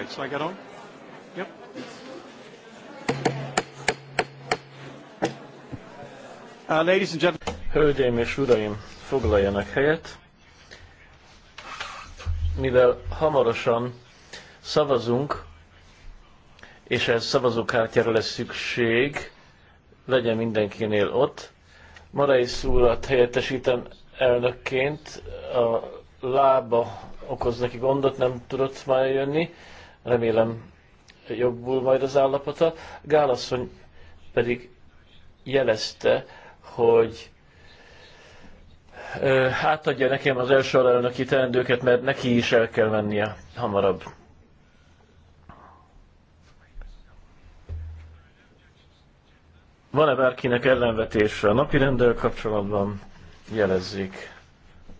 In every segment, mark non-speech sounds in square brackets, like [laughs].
right, shall I get on? Yep. Uh, ladies and gentlemen. Hölgyeim és uraim, foglaljanak helyet. Mivel hamarosan szavazunk, és ez szavazókártyára lesz szükség, legyen mindenkinél ott. Marai szúrat helyettesítem elnökként, a lába okoz neki gondot, nem tudott már jönni remélem jobbul majd az állapota. Gálasszony pedig jelezte, hogy ö, átadja nekem az első alelnöki teendőket, mert neki is el kell mennie hamarabb. Van-e bárkinek ellenvetésre a napi rendel kapcsolatban? Jelezzék.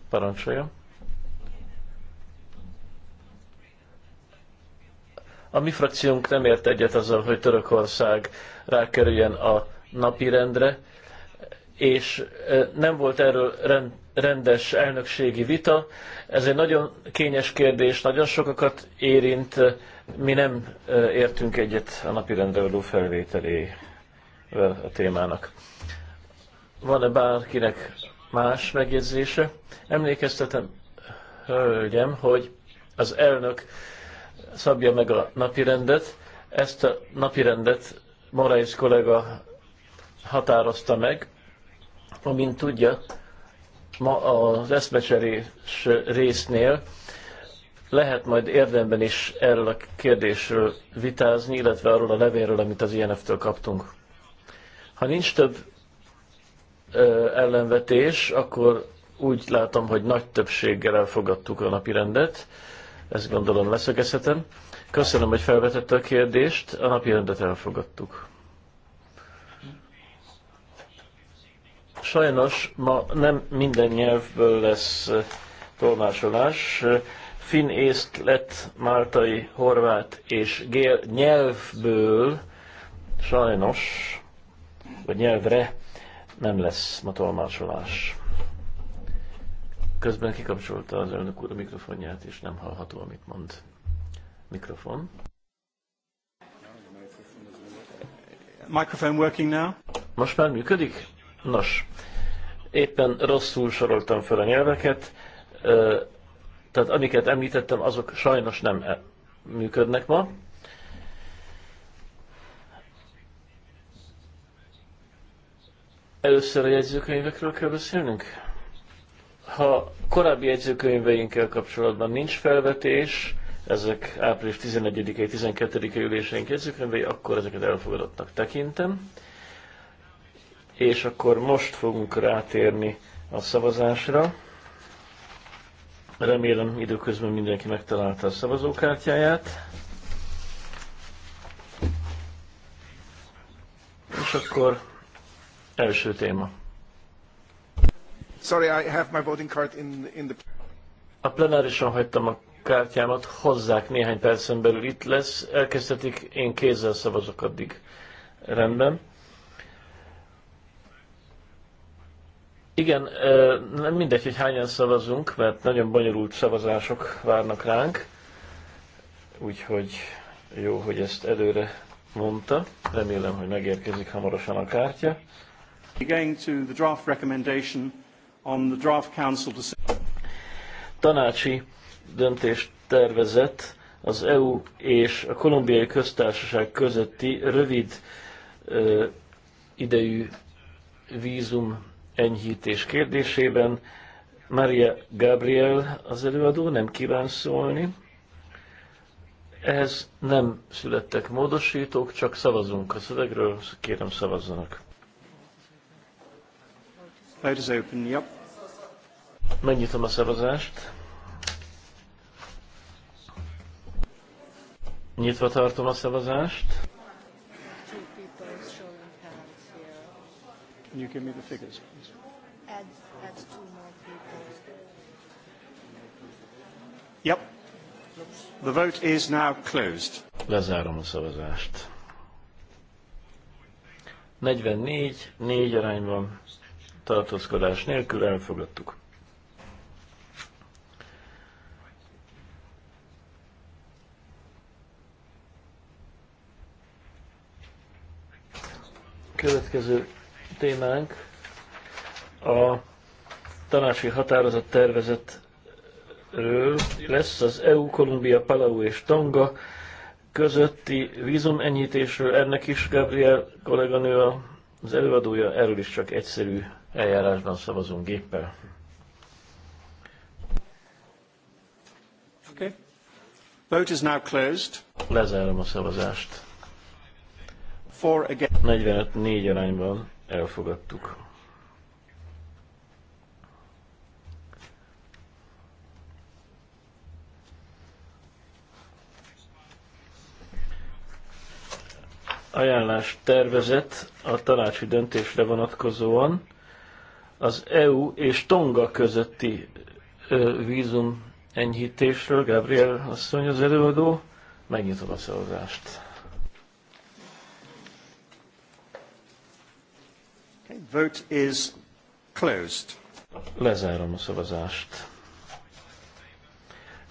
Parancsoljon. A mi frakciónk nem ért egyet azzal, hogy Törökország rákerüljen a napirendre, és nem volt erről rendes elnökségi vita. Ez egy nagyon kényes kérdés, nagyon sokakat érint. Mi nem értünk egyet a napirendre való felvételével a témának. Van-e bárkinek más megjegyzése? Emlékeztetem, hölgyem, hogy az elnök szabja meg a napirendet. Ezt a napirendet Morais kollega határozta meg. Amint tudja, ma az eszmecserés résznél lehet majd érdemben is erről a kérdésről vitázni, illetve arról a levélről, amit az INF-től kaptunk. Ha nincs több ö, ellenvetés, akkor úgy látom, hogy nagy többséggel elfogadtuk a rendet. Ezt gondolom leszögezhetem. Köszönöm, hogy felvetette a kérdést. A napi rendet elfogadtuk. Sajnos ma nem minden nyelvből lesz tolmásolás. Finn, észt, lett, máltai, horvát és gél nyelvből sajnos, vagy nyelvre nem lesz ma tolmásolás. Közben kikapcsolta az elnök úr a mikrofonját, és nem hallható, amit mond. Mikrofon. Microphone working now? Most már működik? Nos, éppen rosszul soroltam fel a nyelveket, tehát amiket említettem, azok sajnos nem e- működnek ma. Először a jegyzőkönyvekről kell beszélnünk? Ha korábbi jegyzőkönyveinkkel kapcsolatban nincs felvetés, ezek április 11-i, 12-i üléseink jegyzőkönyvei, akkor ezeket elfogadottnak tekintem. És akkor most fogunk rátérni a szavazásra. Remélem időközben mindenki megtalálta a szavazókártyáját. És akkor első téma. Sorry, I have my voting card in, in the... A plenárison hagytam a kártyámat, hozzák néhány percen belül itt lesz, elkezdhetik, én kézzel szavazok addig. Rendben. Igen, nem mindegy, hogy hányan szavazunk, mert nagyon bonyolult szavazások várnak ránk, úgyhogy jó, hogy ezt előre mondta. Remélem, hogy megérkezik hamarosan a kártya. Going to the draft recommendation on the draft council decision. Tanácsi döntés tervezett az EU és a Kolumbiai Köztársaság közötti rövid ö, idejű vízum enyhítés kérdésében. Maria Gabriel az előadó nem kíván szólni. Ehhez nem születtek módosítók, csak szavazunk a szövegről, kérem szavazzanak. Vote is open, yep. Megnyitom a szavazást. Nyitva tartom a szavazást. Can you give me the figures, please? Add, add two more people. Yep. The vote is now closed. Lezárom a szavazást. 44, 4 arányban tartózkodás nélkül elfogadtuk. Következő témánk a tanácsi határozat tervezetről lesz az EU, Kolumbia, Palau és Tonga közötti ennyitésről. Ennek is Gabriel kolléganő az előadója, erről is csak egyszerű eljárásban szavazunk géppel. Okay. Vote is now closed. Lezárom a szavazást. 45-4 arányban elfogadtuk. ajánlás tervezet a tanácsi döntésre vonatkozóan az EU és Tonga közötti vízum enyhítésről. Gabriel asszony az előadó. Megnyitom a szavazást. Vote is closed. Lezárom a szavazást.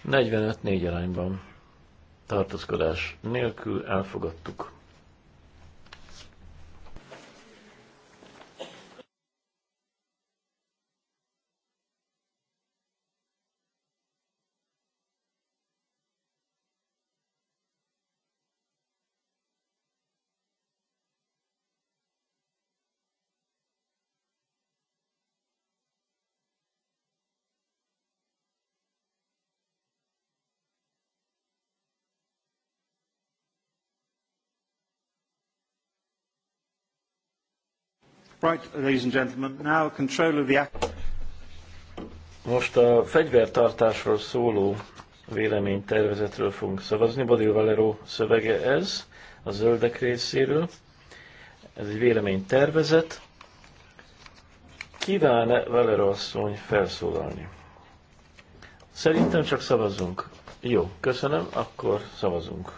45-4 arányban tartózkodás nélkül elfogadtuk. Right, ladies and gentlemen, now control of the... Most a fegyvertartásról szóló véleménytervezetről fogunk szavazni. Bodil Valero szövege ez, a zöldek részéről. Ez egy véleménytervezet. Kíván-e Valero asszony felszólalni? Szerintem csak szavazunk. Jó, köszönöm, akkor szavazunk.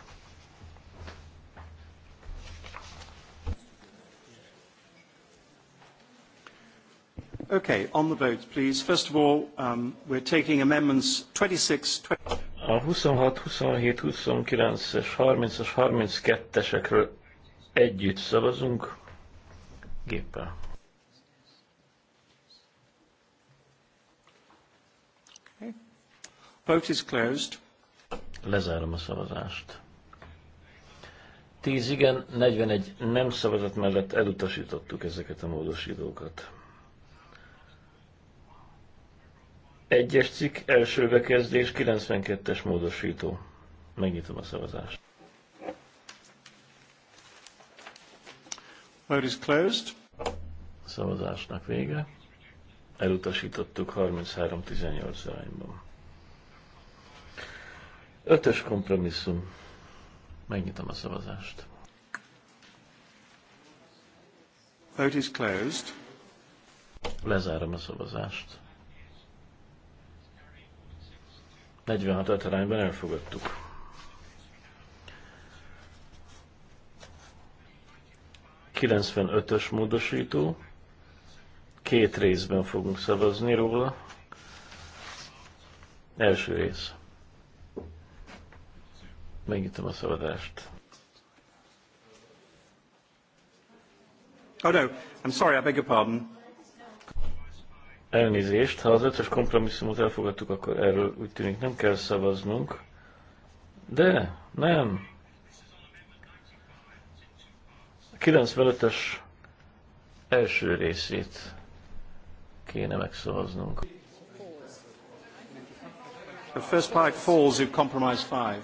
Okay, on the vote, please. First of all, um, we're taking amendments 26, 20... A 26, 27, 29-es, együtt szavazunk géppel. Okay. Vote is closed. Lezárom a szavazást. 10 igen, 41 nem szavazat mellett elutasítottuk ezeket a módosítókat. Egyes cikk, első bekezdés, 92-es módosító. Megnyitom a szavazást. Vote is closed. A szavazásnak vége. Elutasítottuk 33-18 arányban. Ötös kompromisszum. Megnyitom a szavazást. Vote is closed. Lezárom a szavazást. 46 arányban elfogadtuk. ös módosító. Két részben fogunk szavazni róla. Első rész. Megnyitom a szavazást. Oh no, I'm sorry, I beg your pardon. Elnézést, ha az ötös kompromisszumot elfogadtuk, akkor erről úgy tűnik nem kell szavaznunk. De, nem. A 95-ös első részét kéne megszavaznunk. The first part falls if compromise five.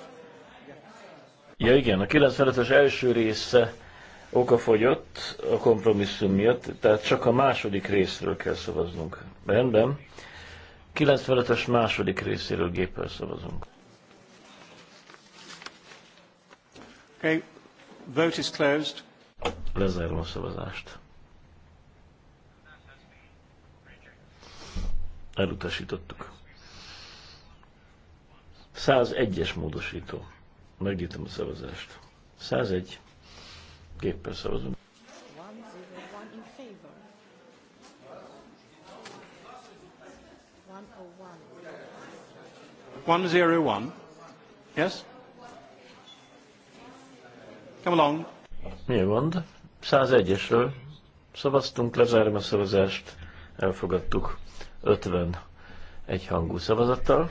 Ja igen, a 95-ös első része okafogyott a kompromisszum miatt, tehát csak a második részről kell szavaznunk. Rendben. 95-ös második részéről géppel szavazunk. Okay. Vote is closed. Lezárom a szavazást. Elutasítottuk. 101-es módosító. Megnyitom a szavazást. 101. Géppel szavazunk. 101. Yes? Come along. Mi a gond? 101-esről szavaztunk, lezárom a szavazást, elfogadtuk 50 egyhangú szavazattal.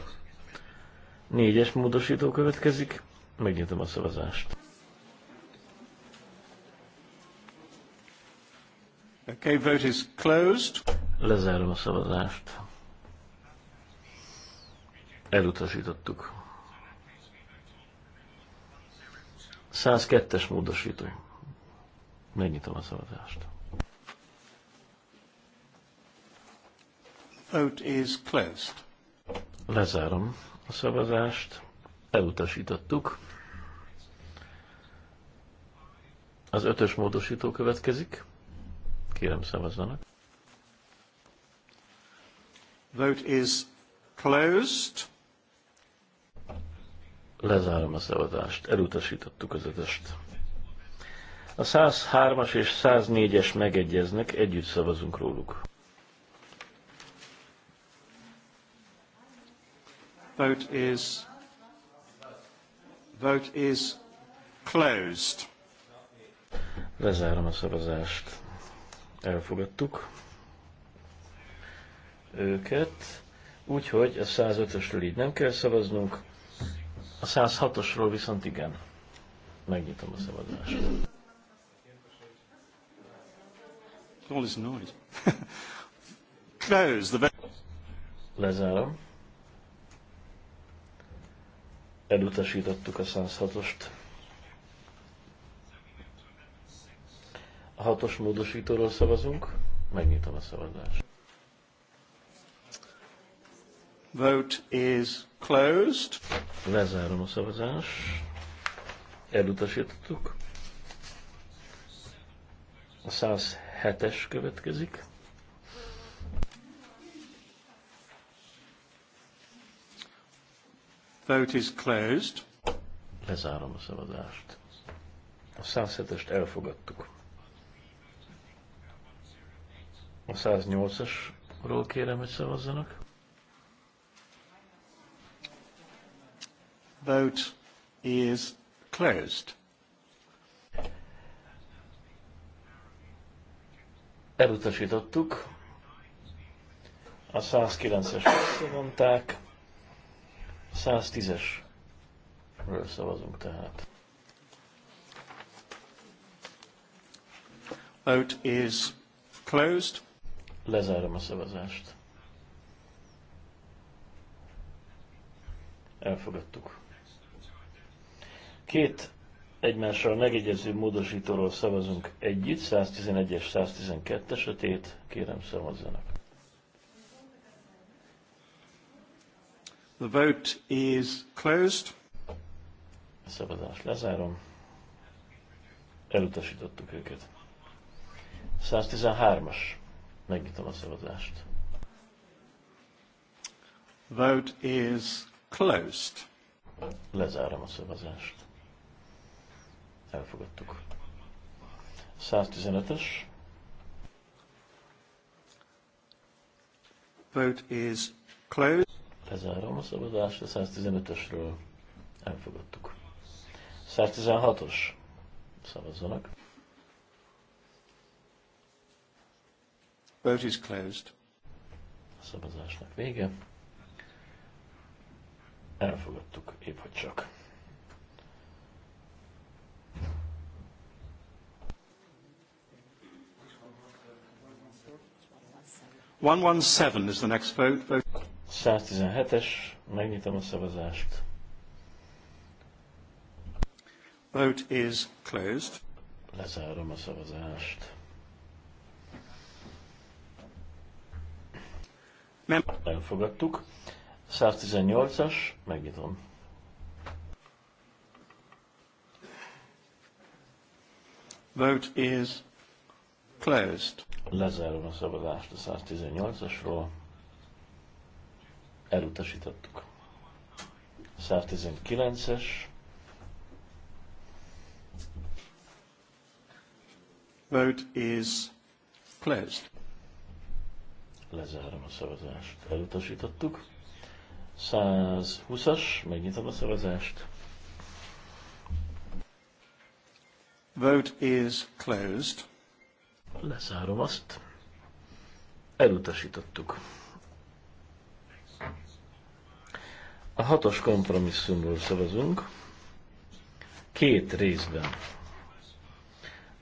Négyes módosító következik, megnyitom a szavazást. Okay, vote is closed. Lezárom a szavazást. Elutasítottuk. 102-es módosító. Megnyitom a szavazást. Vote is closed. Lezárom a szavazást. Elutasítottuk. Az ötös módosító következik. Kérem szavazzanak. Vote is closed. Lezárom a szavazást. Elutasítottuk az ötöst. A 103-as és 104-es megegyeznek, együtt szavazunk róluk. Vote is, vote is closed. Lezárom a szavazást. Elfogadtuk őket, úgyhogy a 105-ösről így nem kell szavaznunk. A 106-osról viszont igen. Megnyitom a szabadulást. All this noise. [laughs] Close the... Lezárom. Elutasítottuk a 106-ost. A hatos módosítóról szavazunk. Megnyitom a szavazást. Vote is Closed. Lezárom a szavazást. Elutasítottuk. A 107-es következik. Vote is closed. Lezárom a szavazást. A 107-est elfogadtuk. A 108-asról kérem, hogy szavazzanak. Vote is closed. Elutasítottuk. A 109-es visszavonták. 110-esről szavazunk tehát. Vote is closed. Lezárom a szavazást. Elfogadtuk. Két egymással megegyező módosítóról szavazunk együtt, 111-es, 112-es, kérem szavazzanak. The vote is closed. A szavazást lezárom. Elutasítottuk őket. 113-as. Megnyitom a szavazást. Vote is closed. Lezárom a szavazást Elfogadtuk. 115-ös. Vote is closed. Lezárom a szabadást, a 115-ösről. Elfogadtuk. 116-os. Szavazzanak. Vote is closed. A szavazásnak vége. Elfogadtuk, épp hogy csak. 117 is the next vote. vote. 117-es, megnyitom a szavazást. Vote is closed. Lezárom a szavazást. Nem. Elfogadtuk. 118-as, megnyitom. Vote is closed. Lezárom a szavazást a 118-asról. Elutasítottuk. 119-es. Vote is closed. Lezárom a szavazást. Elutasítottuk. 120-as, megnyitom a szavazást. Vote is closed. Lezárom azt. Elutasítottuk. A hatos kompromisszumról szavazunk. Két részben.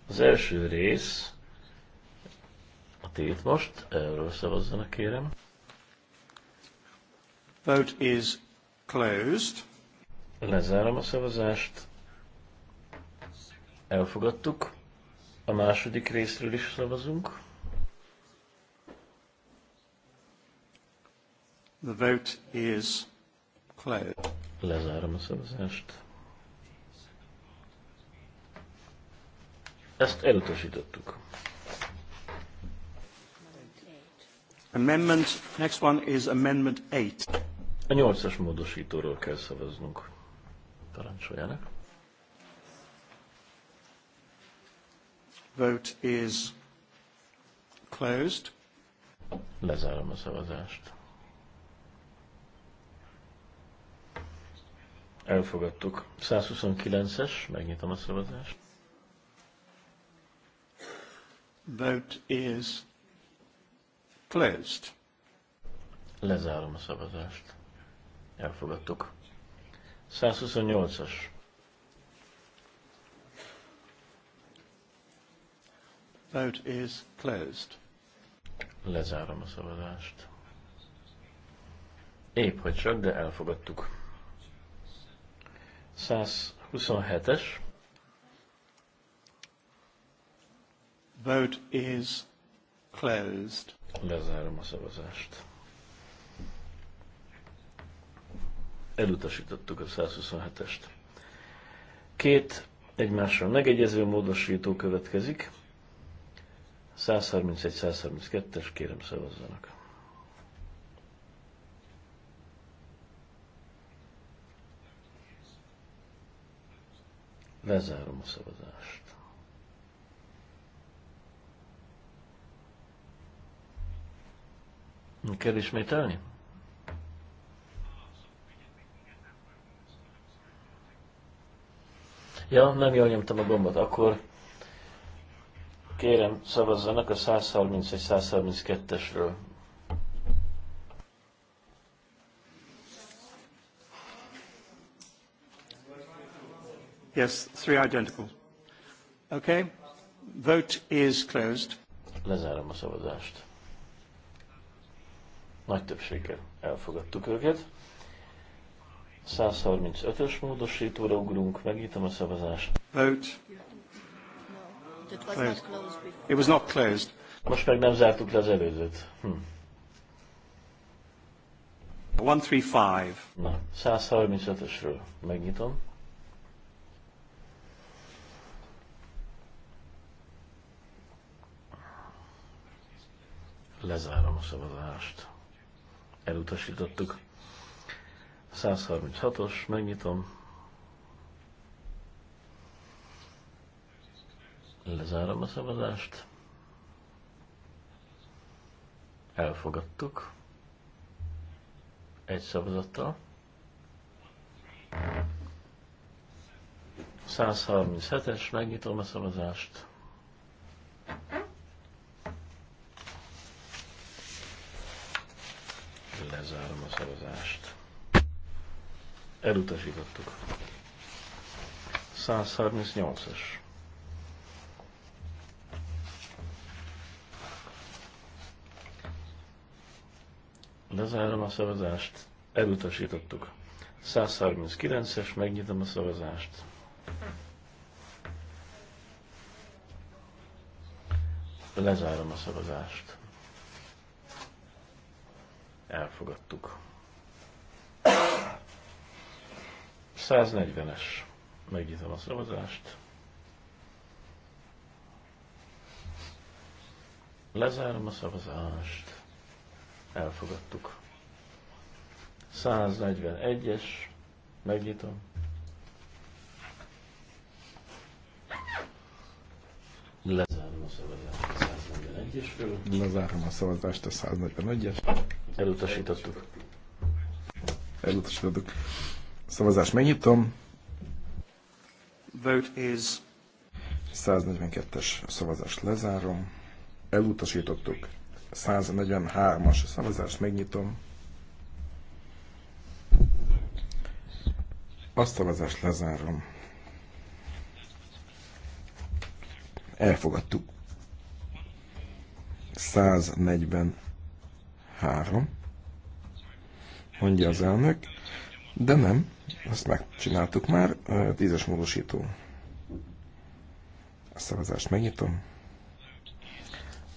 Az első rész a tét most, erről szavazzanak kérem. Vote is closed. Lezárom a szavazást. Elfogadtuk. A második részről is szavazunk. The vote is closed. Lezárom a szavazást. Ezt elutasítottuk. Amendment, next one is amendment 8. A nyolcas módosítóról kell szavaznunk. Parancsoljanak. Vote is closed. Lezárom a szavazást. Elfogadtuk. 129-es, megnyitom a szavazást. Vote is closed. Lezárom a szavazást. Elfogadtuk. 128-as. Vote is closed. Lezárom a szavazást. Épp hogy csak, de elfogadtuk. 127-es. Vote is closed. Lezárom a szavazást. Elutasítottuk a 127-est. Két egymással megegyező módosító következik. 131-132-es, kérem szavazzanak. Lezárom a szavazást. Kell ismételni? Ja, nem jól nyomtam a gombot, akkor Kérem, szavazzanak a 131-132-esről. Yes, three identical. Okay. Vote is closed. Lezárom a szavazást. Nagy többséggel elfogadtuk őket. 135-ös módosítóra ugrunk, megnyitom a szavazást. Vote It was not closed Most meg nem zártuk le az előzőt. Hm. 135. Na, 135-ösről megnyitom. Lezárom a szavazást. Elutasítottuk. 136-os, megnyitom. Lezárom a szavazást. Elfogadtuk. Egy szavazattal. 137-es, megnyitom a szavazást. Lezárom a szavazást. Elutasítottuk. 138 es Lezárom a szavazást. Elutasítottuk. 139-es, megnyitom a szavazást. Lezárom a szavazást. Elfogadtuk. 140-es. Megnyitom a szavazást. Lezárom a szavazást elfogadtuk. 141-es, megnyitom. Lezárom a szavazást a 141-esről. Lezárom a szavazást a 141-es. Elutasítottuk. Elutasítottuk. Szavazást megnyitom. Vote is 142-es szavazást lezárom. Elutasítottuk. 143-as szavazást megnyitom. A szavazást lezárom. Elfogadtuk. 143. Mondja az elnök. De nem, azt megcsináltuk már. Tízes módosító. A szavazást megnyitom.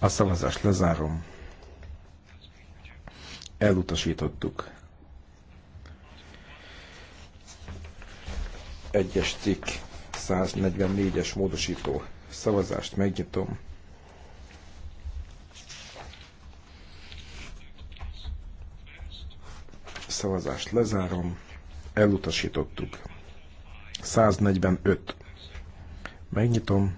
A szavazást lezárom. Elutasítottuk. Egyes cikk 144-es módosító. Szavazást megnyitom. Szavazást lezárom. Elutasítottuk. 145. Megnyitom.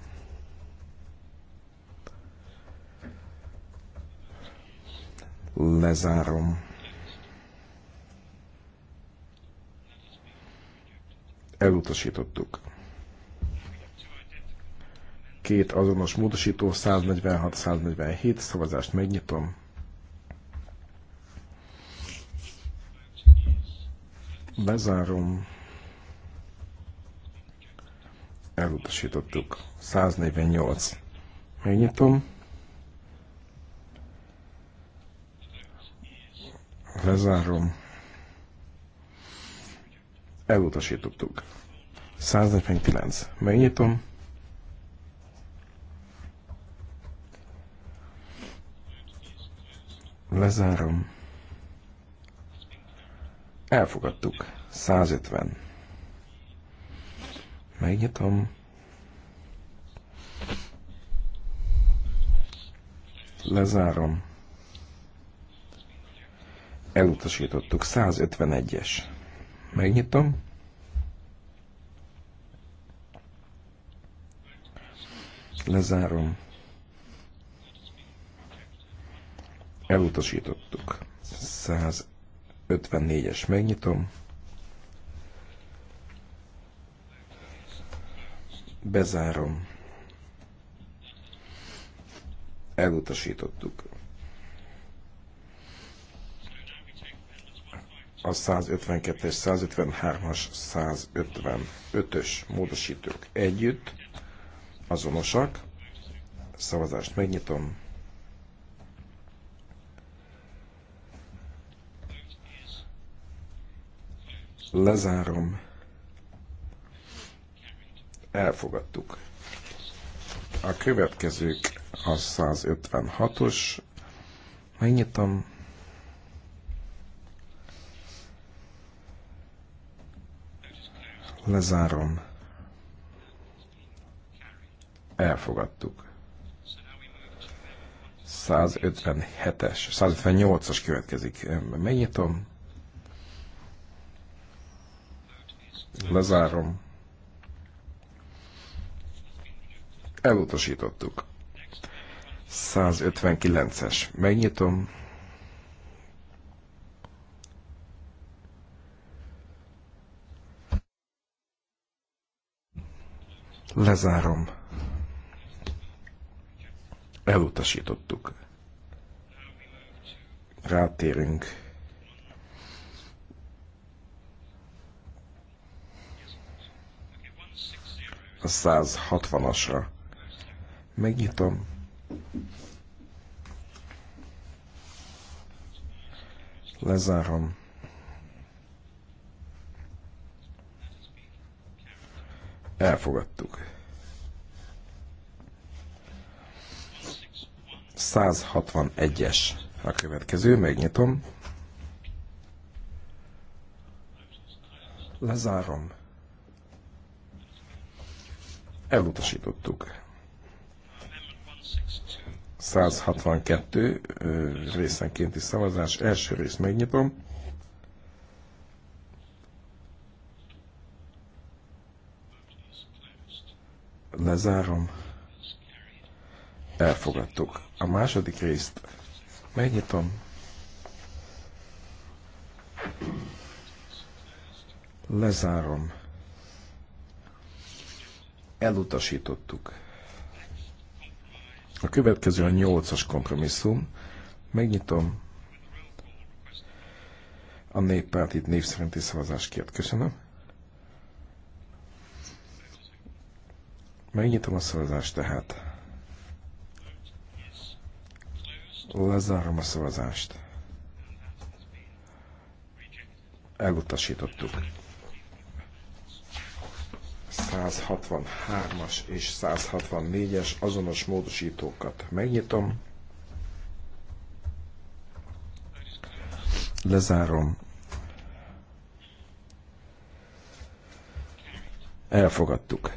Lezárom. Elutasítottuk. Két azonos módosító, 146-147, szavazást megnyitom. Lezárom. Elutasítottuk. 148. Megnyitom. Lezárom. Elutasítottuk. 149. Megnyitom. Lezárom. Elfogadtuk. 150. Megnyitom. Lezárom elutasítottuk. 151-es. Megnyitom. Lezárom. Elutasítottuk. 154-es. Megnyitom. Bezárom. Elutasítottuk. a 152-es, 153-as, 155-ös módosítók együtt azonosak. Szavazást megnyitom. Lezárom. Elfogadtuk. A következők a 156-os. Megnyitom. Lezárom. Elfogadtuk. 157-es, 158-as következik. Megnyitom. Lezárom. Elutasítottuk. 159-es. Megnyitom. Lezárom. Elutasítottuk. Rátérünk. A 160-asra. Megnyitom. Lezárom. Elfogadtuk. 161-es a következő, megnyitom. Lezárom. Elutasítottuk. 162 részenkénti szavazás, első részt megnyitom. Lezárom. Elfogadtuk. A második részt megnyitom. Lezárom. Elutasítottuk. A következő a nyolcas kompromisszum. Megnyitom. A néppárt itt név szerinti szavazást kért. Köszönöm. Megnyitom a szavazást tehát. Lezárom a szavazást. Elutasítottuk. 163-as és 164-es azonos módosítókat megnyitom. Lezárom. Elfogadtuk.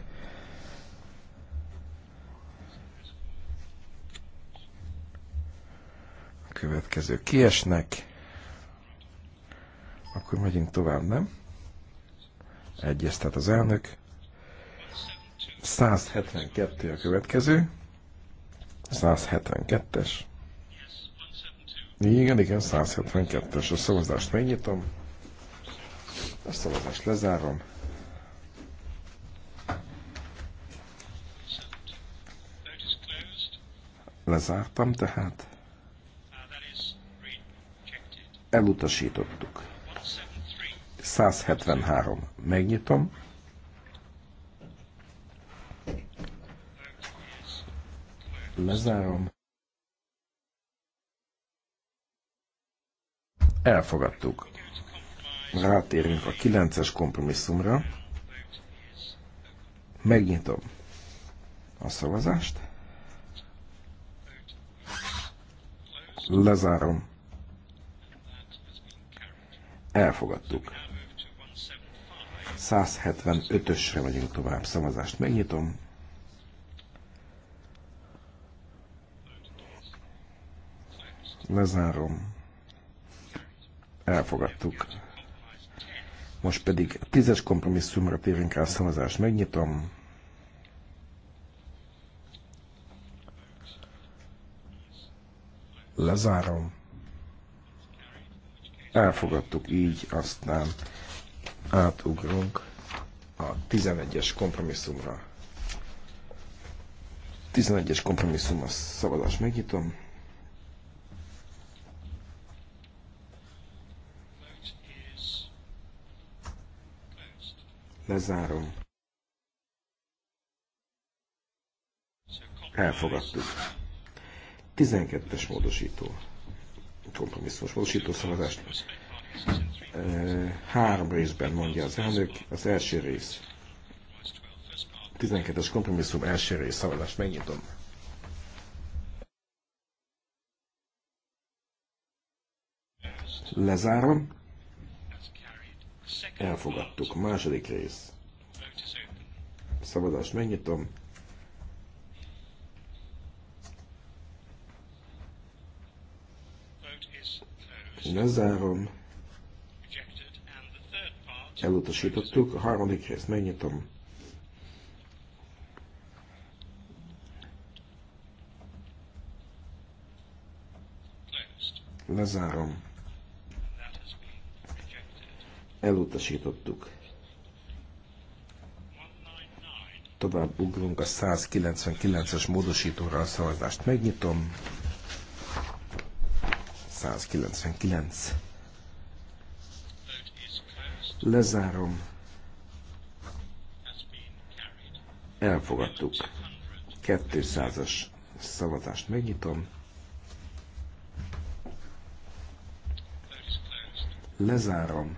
következő kiesnek, akkor megyünk tovább, nem? Egyes, tehát az elnök. 172 a következő. 172-es. Igen, igen, 172-es. A szavazást megnyitom. A szavazást lezárom. Lezártam tehát. Elutasítottuk. 173. Megnyitom. Lezárom. Elfogadtuk. Rátérünk a 9-es kompromisszumra. Megnyitom a szavazást. Lezárom. Elfogadtuk. 175-ösre vagyunk tovább. Szavazást megnyitom. Lezárom. Elfogadtuk. Most pedig a tízes kompromisszumra térünk el szavazást megnyitom. Lezárom elfogadtuk, így aztán átugrunk a 11-es kompromisszumra. 11-es kompromisszum a szabadás megnyitom. Lezárom. Elfogadtuk. 12-es módosító kompromisszumos módosító szavazást. Három részben mondja az elnök. Az első rész. 12-es kompromisszum első rész szavazást megnyitom. Lezárom. Elfogadtuk. Második rész. Szabadást megnyitom. Lezárom. Elutasítottuk. A harmadik részt megnyitom. Lezárom. Elutasítottuk. Tovább ugrunk a 199-es módosítóra a szavazást. Megnyitom. 1999. Lezárom. Elfogadtuk. 200-as szavazást megnyitom. Lezárom.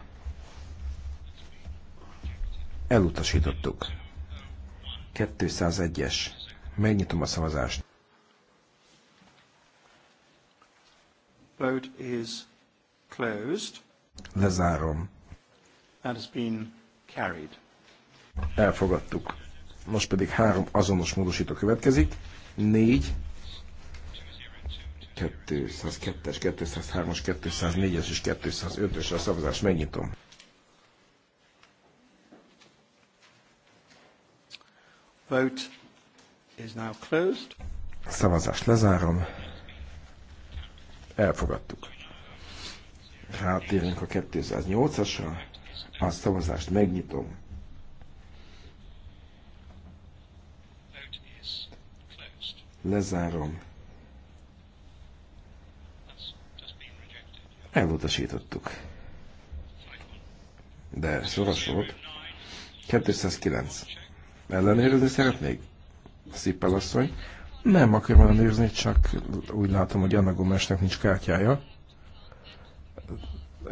Elutasítottuk. 201-es. Megnyitom a szavazást. Vote is closed. Lezárom. And has been carried. Elfogadtuk. Most pedig három azonos módosító következik. 4, 202-es, 203-as, 204-es és 205-ös a szavazás. Megnyitom. Vote is now closed. Szavazást lezárom. Elfogadtuk. Rátérünk a 208-asra. A szavazást megnyitom. Lezárom. Elutasítottuk. De soros volt. 209. Ellenőrizni szeretnék? Szippel asszony. Nem akarom nézni, csak úgy látom, hogy Anna Gomesnek nincs kártyája.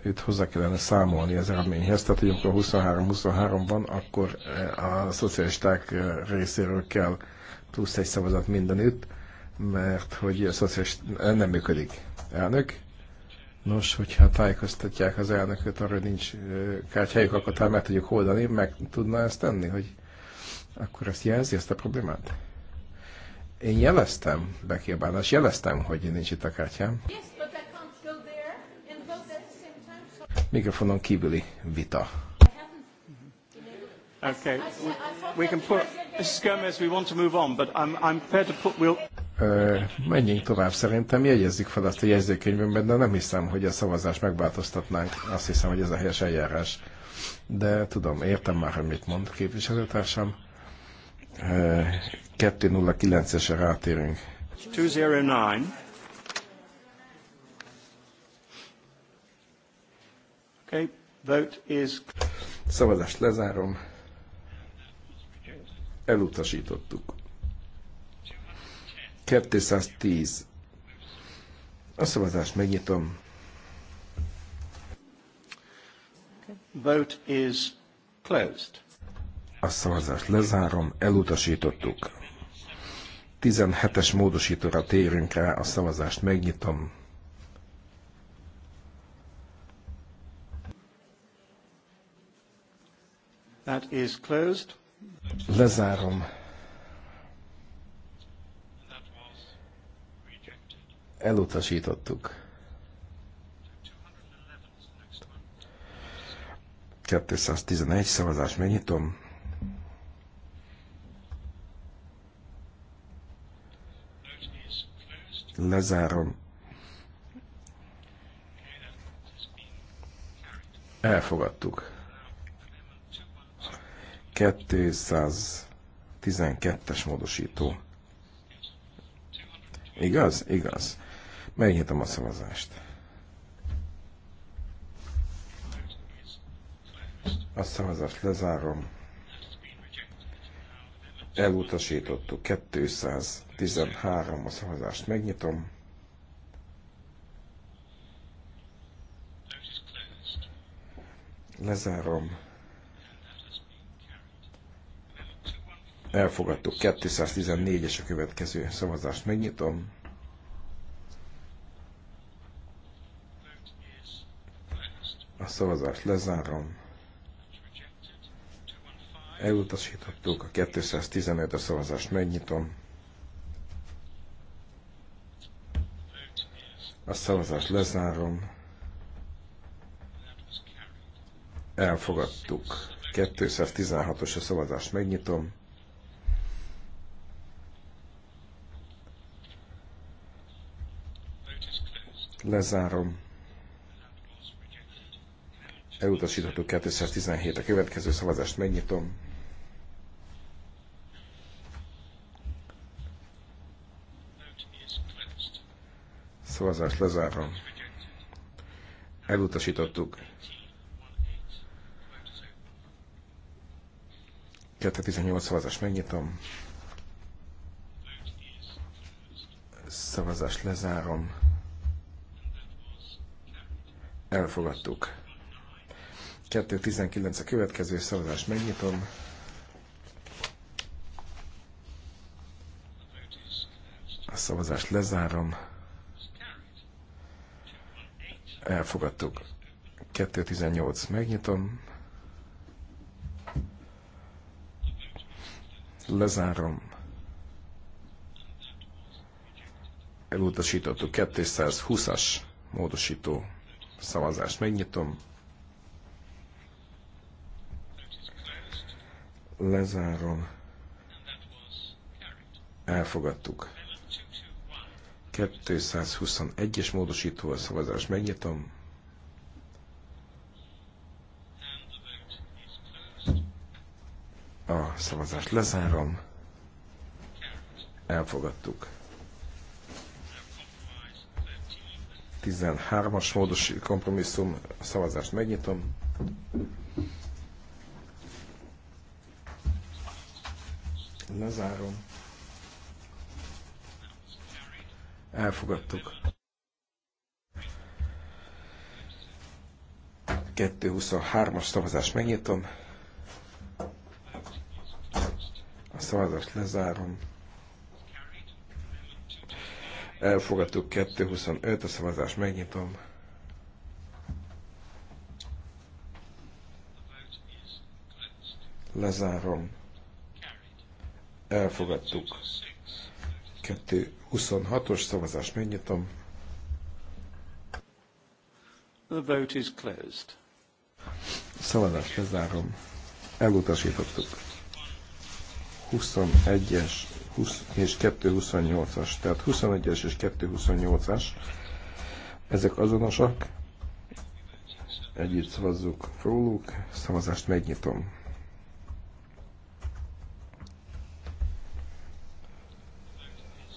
Itt hozzá kellene számolni az eredményhez, tehát hogy amikor 23-23 van, akkor eh, a szocialisták eh, részéről kell plusz egy szavazat mindenütt, mert hogy a szociális eh, nem működik. Elnök? Nos, hogyha tájékoztatják az elnököt arra, hogy nincs kártyájuk, akkor talán meg tudjuk oldani, meg tudna ezt tenni, hogy akkor ezt jelzi, ezt a problémát? Én jeleztem, bekiabálás, jeleztem, hogy nincs itt a kártyám. Mikrofonon kívüli vita. Okay. We can put, Mrs. Gomez, we want to move on, but I'm, I'm prepared to put, we'll... Ö, menjünk tovább, szerintem jegyezzük fel azt a jegyzőkönyvünkben, de nem hiszem, hogy a szavazást megváltoztatnánk. Azt hiszem, hogy ez a helyes eljárás. De tudom, értem már, hogy mit mond képviselőtársam. 209-esre rátérünk. 209. Okay, vote is... Szavazást lezárom. Elutasítottuk. 210. A szavazást megnyitom. Vote is closed a szavazást lezárom, elutasítottuk. 17-es módosítóra térünk rá, a szavazást megnyitom. That is closed. Lezárom. Elutasítottuk. 211 szavazást megnyitom. Lezárom. Elfogadtuk. 212-es módosító. Igaz? Igaz. Megnyitom a szavazást. A szavazást lezárom elutasítottuk 213 a szavazást megnyitom lezárom elfogadtuk 214-es a következő szavazást megnyitom a szavazást lezárom elutasítottuk, a 215 a szavazást megnyitom. A szavazást lezárom. Elfogadtuk. 216-os a szavazást megnyitom. Lezárom. Elutasítható 217 a következő szavazást megnyitom. Szavazást lezárom. Elutasítottuk. Kettő tizennyolc szavazást megnyitom. Szavazást lezárom. Elfogadtuk. 2.19 a következő szavazást megnyitom. A szavazást lezárom. Elfogadtuk. 2.18. Megnyitom. Lezárom. Elutasítottuk. 220-as módosító szavazást. Megnyitom. Lezárom. Elfogadtuk. 221-es módosítóval szavazást megnyitom. A szavazást lezárom. Elfogadtuk. 13-as módos kompromisszum a szavazást megnyitom. Lezárom. Elfogadtuk. 223-as szavazást megnyitom. A szavazást lezárom. Elfogadtuk 225, a szavazást megnyitom. Lezárom. Elfogadtuk. 2 26-os szavazás megnyitom. The vote is closed. Szavazás lezárom. Elutasítottuk. 21-es 20 és 228-as, tehát 21-es és 228-as. Ezek azonosak. Együtt szavazzuk róluk. Szavazást megnyitom.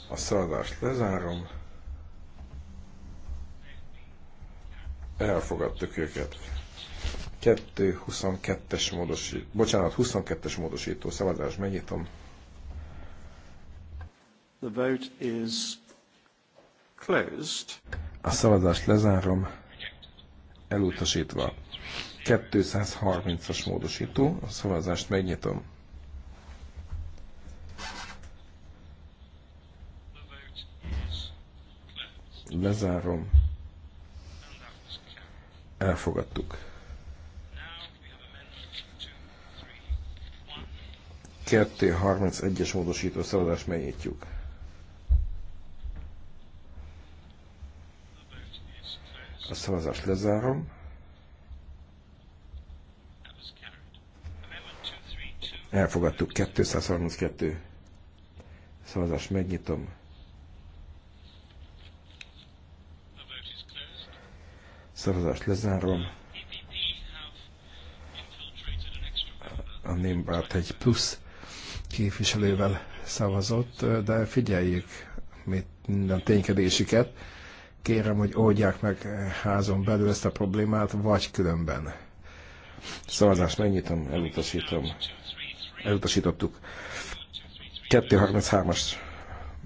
A szavazást lezárom. Elfogadtuk őket. 22-es módosító, bocsánat, 22-es módosító szavazás, megnyitom. The vote is closed. A szavazást lezárom, elutasítva. 230-as módosító, a szavazást megnyitom. Lezárom. Elfogadtuk. Kettő 31-es módosító szavazás megnyitjuk. A szavazást lezárom. Elfogadtuk 232 szavazást megnyitom. Szavazást lezárom. A Nimbart egy plusz képviselővel szavazott, de figyeljük mit, a ténykedésüket. Kérem, hogy oldják meg házon belül ezt a problémát, vagy különben. Szavazást megnyitom, elutasítom. Elutasítottuk. 233-as.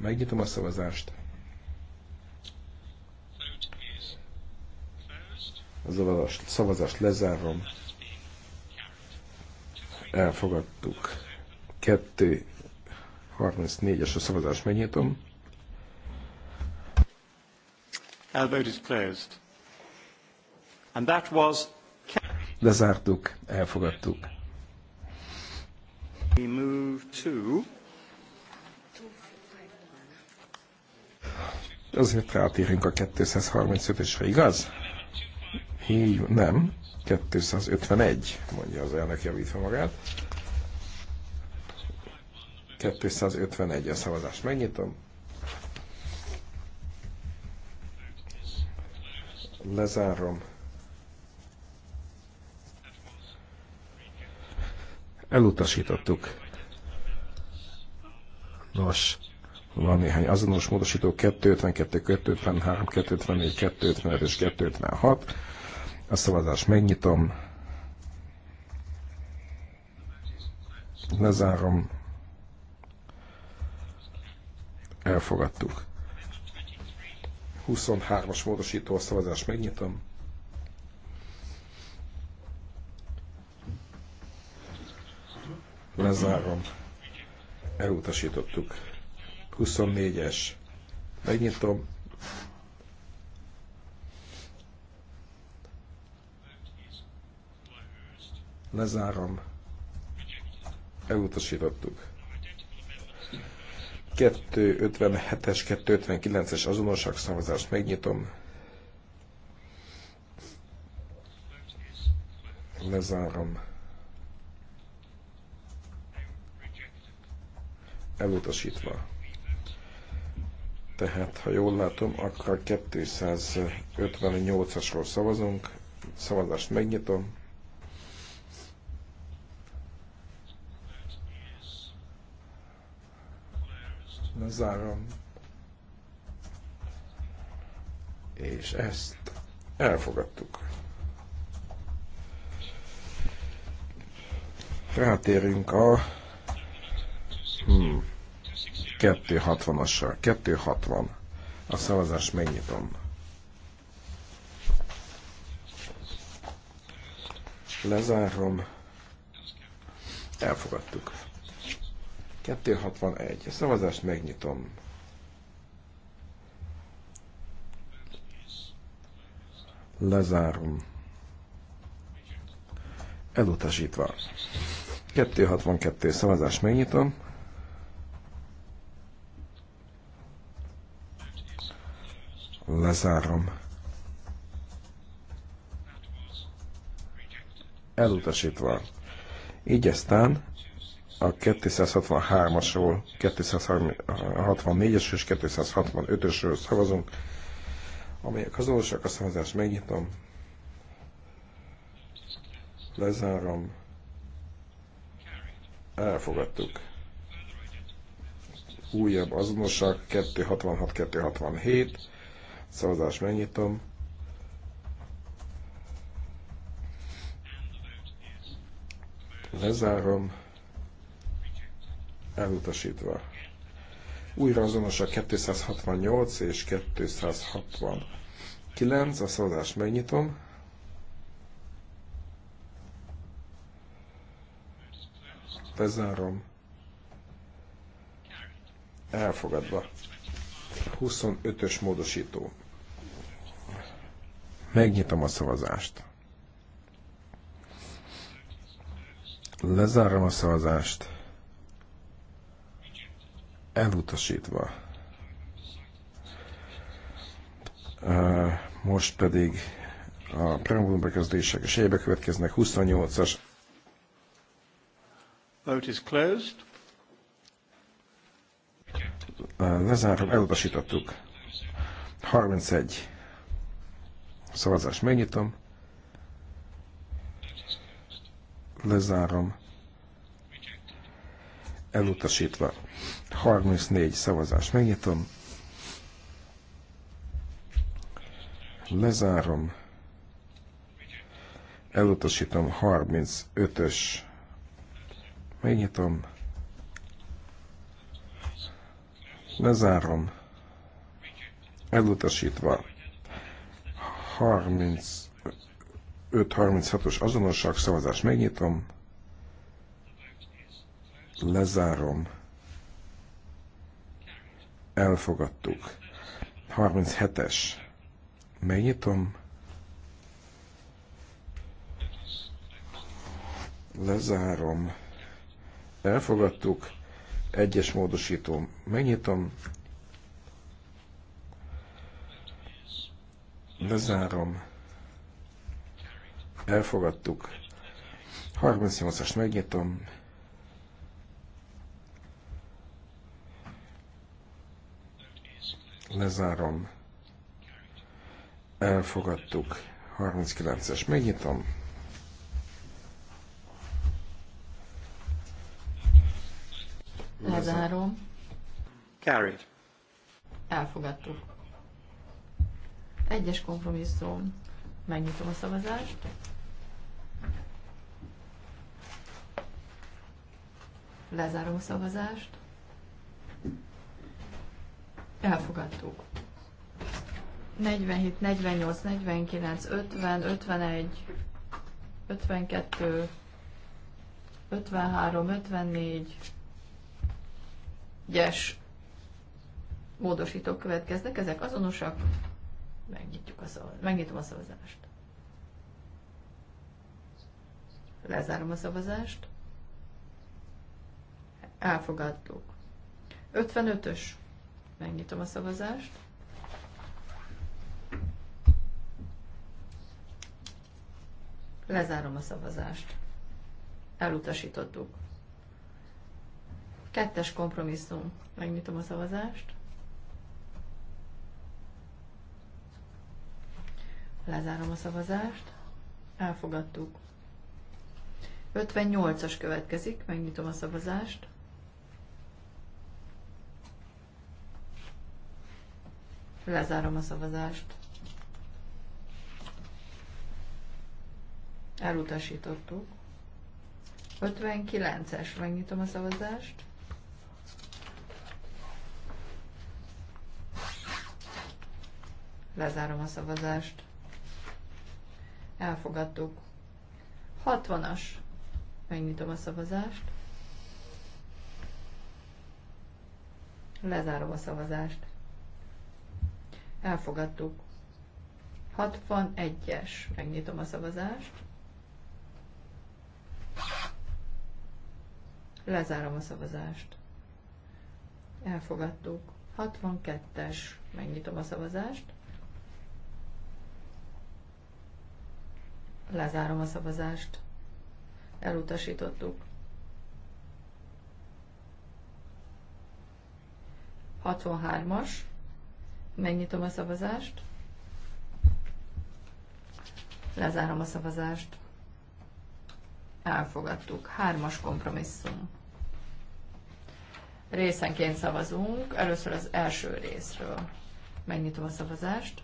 Megnyitom a szavazást. A szavazást, szavazást lezárom. Elfogadtuk. 2. 34-es a szavazás, megnyitom. And vote is closed. And that was... Lezártuk, elfogadtuk. We move to... Azért rátérünk a 235-ösre, igaz? Hív, nem, 251, mondja az elnök javítva magát. 251 a szavazást megnyitom. Lezárom. Elutasítottuk. Nos, van néhány azonos módosító 252, 253, 254, 255 és 256 a szavazást megnyitom. Lezárom. Elfogadtuk. 23-as módosító szavazást megnyitom. Lezárom. Elutasítottuk. 24-es. Megnyitom. Lezárom. Elutasítottuk. 257-es, 259-es azonosak szavazást megnyitom. Lezárom. Elutasítva. Tehát, ha jól látom, akkor 258-asról szavazunk. Szavazást megnyitom. zárom. És ezt elfogadtuk. Rátérünk a hmm, 260 asra 260. A szavazás megnyitom. Lezárom. Elfogadtuk. 261. A szavazást megnyitom. Lezárom. Elutasítva. 262. Szavazást megnyitom. Lezárom. Elutasítva. Így aztán a 263-asról, 264 esről és 265-ösről szavazunk, amelyek azonosak, a szavazást megnyitom, lezárom, elfogadtuk. Újabb azonosak, 266-267, szavazás megnyitom, lezárom, elutasítva. Újra azonos a 268 és 269, a szavazást megnyitom. Bezárom. Elfogadva. 25-ös módosító. Megnyitom a szavazást. Lezárom a szavazást elutasítva. Most pedig a preambulum bekezdések és egyébe következnek 28-as. Vote is closed. Lezárom, elutasítottuk. 31. szavazás. megnyitom. Lezárom. Elutasítva. 34 szavazás. Megnyitom. Lezárom. Elutasítom 35-ös. Megnyitom. Lezárom. Elutasítva 35-36-os azonosság szavazás. Megnyitom. Lezárom elfogadtuk. 37-es. Megnyitom. Lezárom. Elfogadtuk. Egyes módosító. Megnyitom. Lezárom. Elfogadtuk. 38 as megnyitom. Lezárom. Elfogadtuk. 39-es. Megnyitom. Lezárom. Carried. Elfogadtuk. Egyes kompromisszum. Megnyitom a szavazást. Lezárom a szavazást. Elfogadtuk. 47, 48, 49, 50, 51, 52, 53, 54 egyes módosítók következnek, ezek azonosak, megnyitjuk a szavazást. megnyitom a szavazást. Lezárom a szavazást. Elfogadtuk. 55-ös Megnyitom a szavazást. Lezárom a szavazást. Elutasítottuk. Kettes kompromisszum. Megnyitom a szavazást. Lezárom a szavazást. Elfogadtuk. 58-as következik. Megnyitom a szavazást. Lezárom a szavazást. Elutasítottuk. 59-es, megnyitom a szavazást. Lezárom a szavazást. Elfogadtuk. 60-as. Megnyitom a szavazást. Lezárom a szavazást. Elfogadtuk. 61-es. Megnyitom a szavazást. Lezárom a szavazást. Elfogadtuk. 62-es. Megnyitom a szavazást. Lezárom a szavazást. Elutasítottuk. 63-as. Megnyitom a szavazást. Lezárom a szavazást. Elfogadtuk. Hármas kompromisszum. Részenként szavazunk. Először az első részről. Megnyitom a szavazást.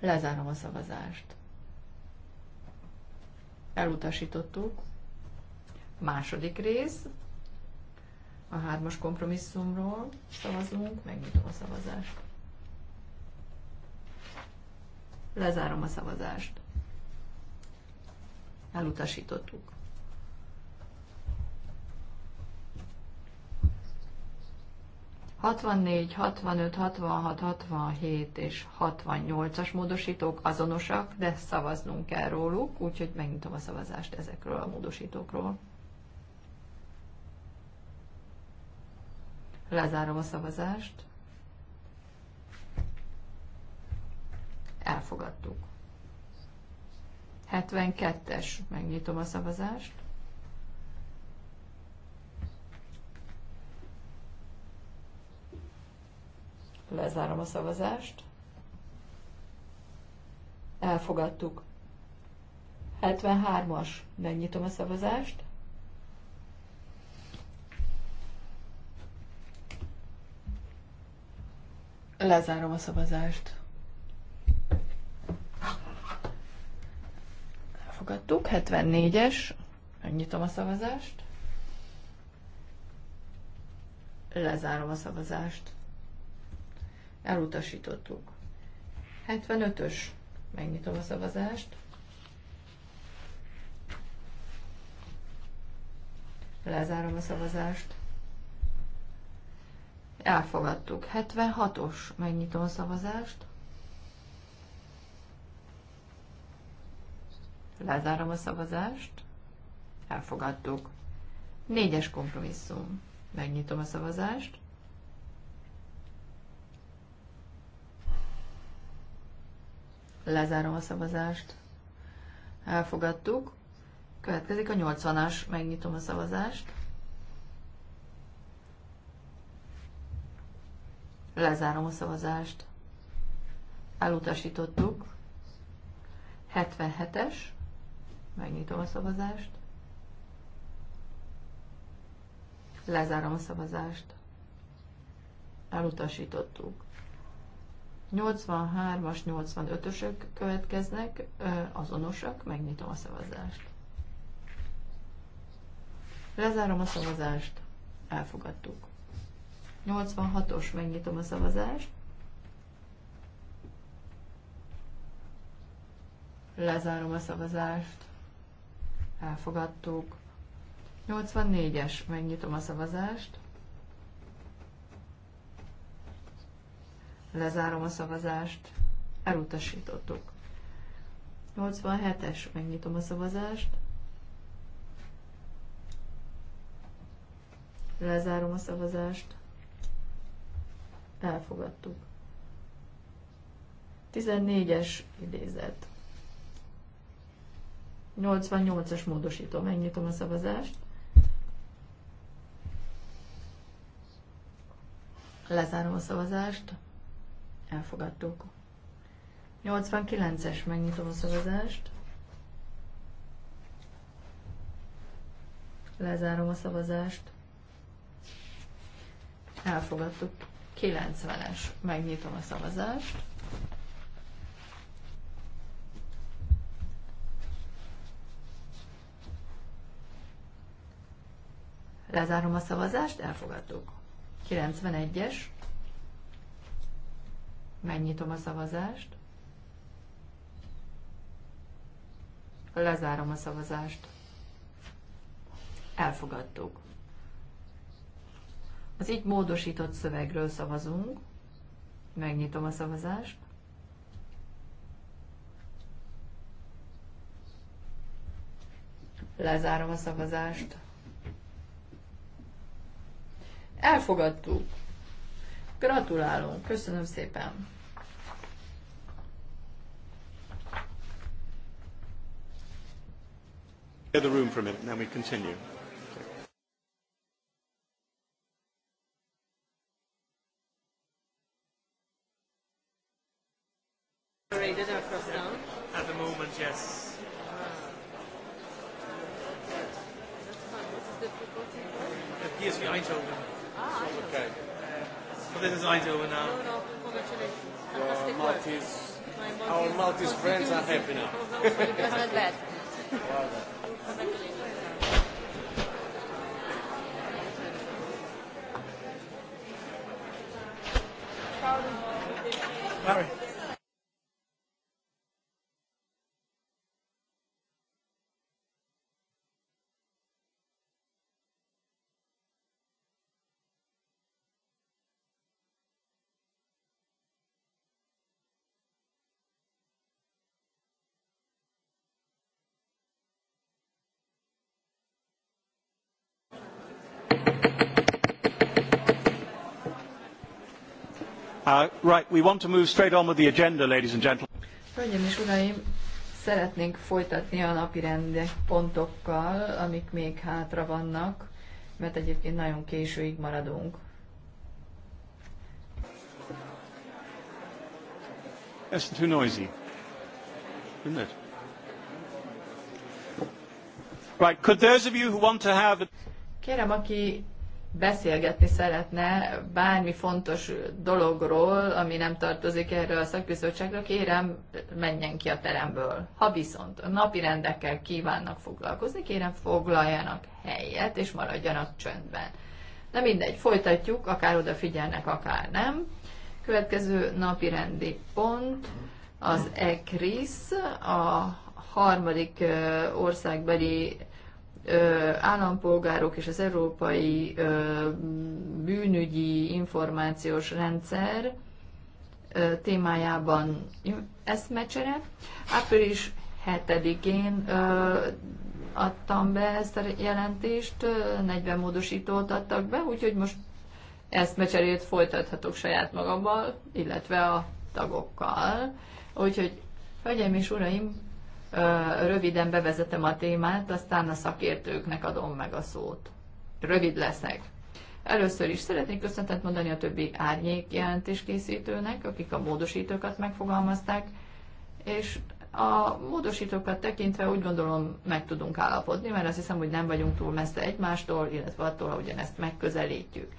Lezárom a szavazást. Elutasítottuk. Második rész. A hármas kompromisszumról szavazunk, megnyitom a szavazást. Lezárom a szavazást. Elutasítottuk. Hatvannégy, 65, 66, 67 és 68-as módosítók azonosak, de szavaznunk kell róluk, úgyhogy megnyitom a szavazást ezekről a módosítókról. Lezárom a szavazást. Elfogadtuk. 72-es. Megnyitom a szavazást. Lezárom a szavazást. Elfogadtuk. 73-as. Megnyitom a szavazást. Lezárom a szavazást. Elfogadtuk. 74-es. Megnyitom a szavazást. Lezárom a szavazást. Elutasítottuk. 75-ös. Megnyitom a szavazást. Lezárom a szavazást. Elfogadtuk. 76-os. Megnyitom a szavazást. Lezárom a szavazást. Elfogadtuk. Négyes kompromisszum. Megnyitom a szavazást. Lezárom a szavazást. Elfogadtuk. Következik a 80-as. Megnyitom a szavazást. Lezárom a szavazást. Elutasítottuk. 77-es. Megnyitom a szavazást. Lezárom a szavazást. Elutasítottuk. 83-as, 85-ösök következnek, azonosak, megnyitom a szavazást. Lezárom a szavazást, elfogadtuk. 86-os megnyitom a szavazást. Lezárom a szavazást. Elfogadtuk. 84-es megnyitom a szavazást. Lezárom a szavazást. Elutasítottuk. 87-es megnyitom a szavazást. Lezárom a szavazást elfogadtuk. 14-es idézet. 88-as módosító. Megnyitom a szavazást. Lezárom a szavazást. Elfogadtuk. 89-es. Megnyitom a szavazást. Lezárom a szavazást. Elfogadtuk. 90-es. Megnyitom a szavazást. Lezárom a szavazást, elfogadtuk. 91-es. Megnyitom a szavazást. Lezárom a szavazást. Elfogadtuk. Az így módosított szövegről szavazunk. Megnyitom a szavazást. Lezárom a szavazást. Elfogadtuk. Gratulálunk. Köszönöm szépen. the room for a minute, and then we continue. mind over now. No, no, congratulations. Your Maltese, our Maltese friends are happy now. Uh, right, we want to move straight on with the agenda, ladies and gentlemen. Hölgyeim és uraim, szeretnénk folytatni a napirendi pontokkal, amik még hátra vannak, mert egyébként nagyon későig maradunk. Ez too noisy, isn't it? Right, could those of you who want to have... Kérem, aki beszélgetni szeretne bármi fontos dologról, ami nem tartozik erre a szakbizottságra, kérem, menjen ki a teremből. Ha viszont a napi rendekkel kívánnak foglalkozni, kérem, foglaljanak helyet, és maradjanak csöndben. De mindegy, folytatjuk, akár odafigyelnek, akár nem. Következő napi rendi pont az ECRIS, a harmadik országbeli állampolgárok és az európai bűnügyi információs rendszer témájában eszmecsere. Április 7-én adtam be ezt a jelentést, 40 módosítót adtak be, úgyhogy most ezt mecserét folytathatok saját magammal, illetve a tagokkal. Úgyhogy, hölgyeim és uraim, röviden bevezetem a témát, aztán a szakértőknek adom meg a szót. Rövid leszek. Először is szeretnék köszöntet mondani a többi árnyék jelentéskészítőnek, akik a módosítókat megfogalmazták, és a módosítókat tekintve úgy gondolom meg tudunk állapodni, mert azt hiszem, hogy nem vagyunk túl messze egymástól, illetve attól, ahogyan ezt megközelítjük.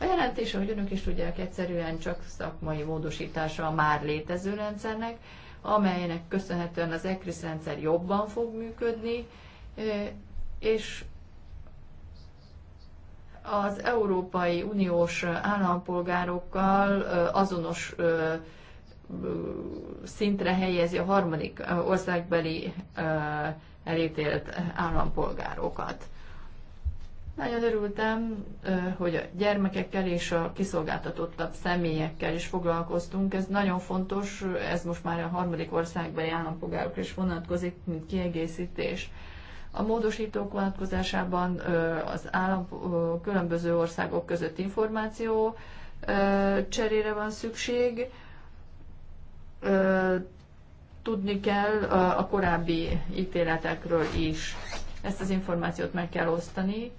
A jelentés, ahogy önök is tudják, egyszerűen csak szakmai módosítása a már létező rendszernek, amelynek köszönhetően az ECRIS rendszer jobban fog működni, és az Európai Uniós állampolgárokkal azonos szintre helyezi a harmadik országbeli elítélt állampolgárokat. Nagyon örültem, hogy a gyermekekkel és a kiszolgáltatottabb személyekkel is foglalkoztunk. Ez nagyon fontos, ez most már a harmadik országbeli állampolgárok is vonatkozik, mint kiegészítés. A módosítók vonatkozásában az állam különböző országok között információ cserére van szükség. Tudni kell a korábbi ítéletekről is. Ezt az információt meg kell osztani,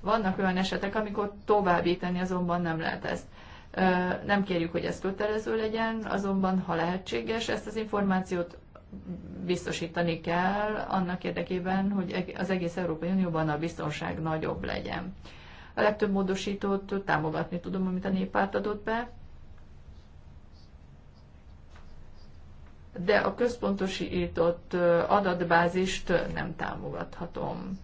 vannak olyan esetek, amikor továbbítani azonban nem lehet ezt. Nem kérjük, hogy ez kötelező legyen, azonban ha lehetséges, ezt az információt biztosítani kell annak érdekében, hogy az egész Európai Unióban a biztonság nagyobb legyen. A legtöbb módosítót támogatni tudom, amit a néppárt adott be, de a központosított adatbázist nem támogathatom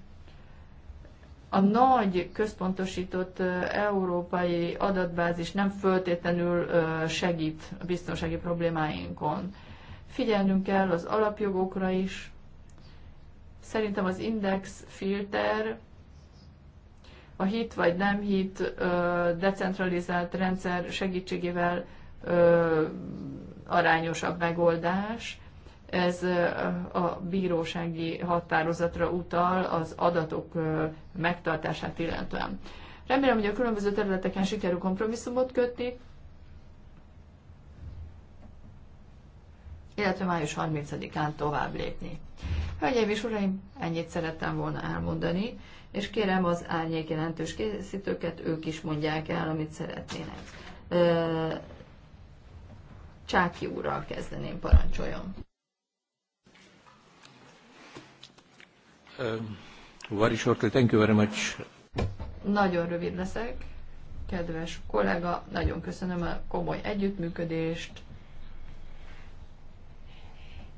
a nagy központosított európai adatbázis nem föltétlenül segít a biztonsági problémáinkon. Figyelnünk kell az alapjogokra is. Szerintem az index filter a hit vagy nem hit decentralizált rendszer segítségével arányosabb megoldás, ez a bírósági határozatra utal az adatok megtartását illetően. Remélem, hogy a különböző területeken sikerül kompromisszumot kötni, illetve május 30-án tovább lépni. Hölgyeim és uraim, ennyit szerettem volna elmondani, és kérem az árnyék jelentős készítőket, ők is mondják el, amit szeretnének. Csáki úrral kezdeném, parancsoljon. Um, thank you very much. Nagyon rövid leszek, kedves kollega, nagyon köszönöm a komoly együttműködést.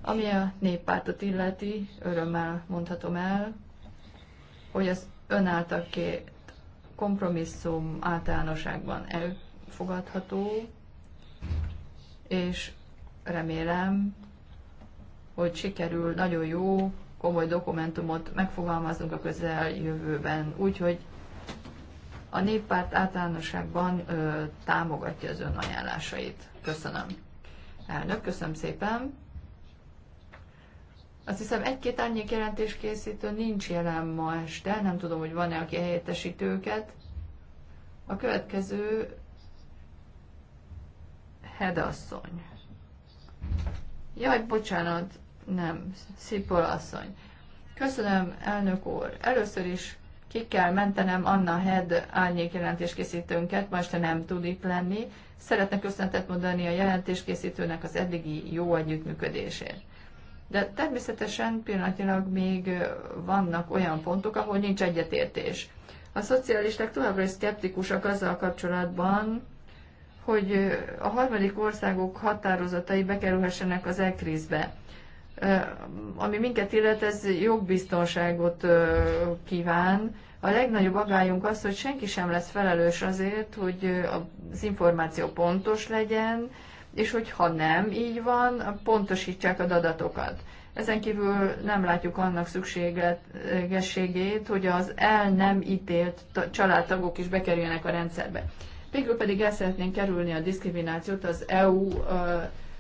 Ami a néppártot illeti, örömmel mondhatom el, hogy az ön által két kompromisszum általánosságban elfogadható, és remélem, hogy sikerül nagyon jó komoly dokumentumot megfogalmazunk a közeljövőben. Úgyhogy a néppárt általánosságban ö, támogatja az ön ajánlásait. Köszönöm. Elnök, köszönöm szépen. Azt hiszem egy-két árnyék jelentés készítő nincs jelen ma este, nem tudom, hogy van-e, aki helyettesít őket. A következő Hedasszony. Jaj, bocsánat, nem, Szipol asszony. Köszönöm, elnök úr. Először is ki kell mentenem Anna Head árnyékjelentéskészítőnket, ma este nem tud itt lenni. Szeretnék köszönetet mondani a jelentéskészítőnek az eddigi jó együttműködésért. De természetesen pillanatilag még vannak olyan pontok, ahol nincs egyetértés. A szocialisták továbbra is szkeptikusak azzal kapcsolatban, hogy a harmadik országok határozatai bekerülhessenek az ecris ami minket illet, ez jogbiztonságot kíván. A legnagyobb agályunk az, hogy senki sem lesz felelős azért, hogy az információ pontos legyen, és hogy ha nem így van, pontosítsák az adatokat. Ezen kívül nem látjuk annak szükségességét, hogy az el nem ítélt családtagok is bekerüljenek a rendszerbe. Végül pedig el szeretnénk kerülni a diszkriminációt az EU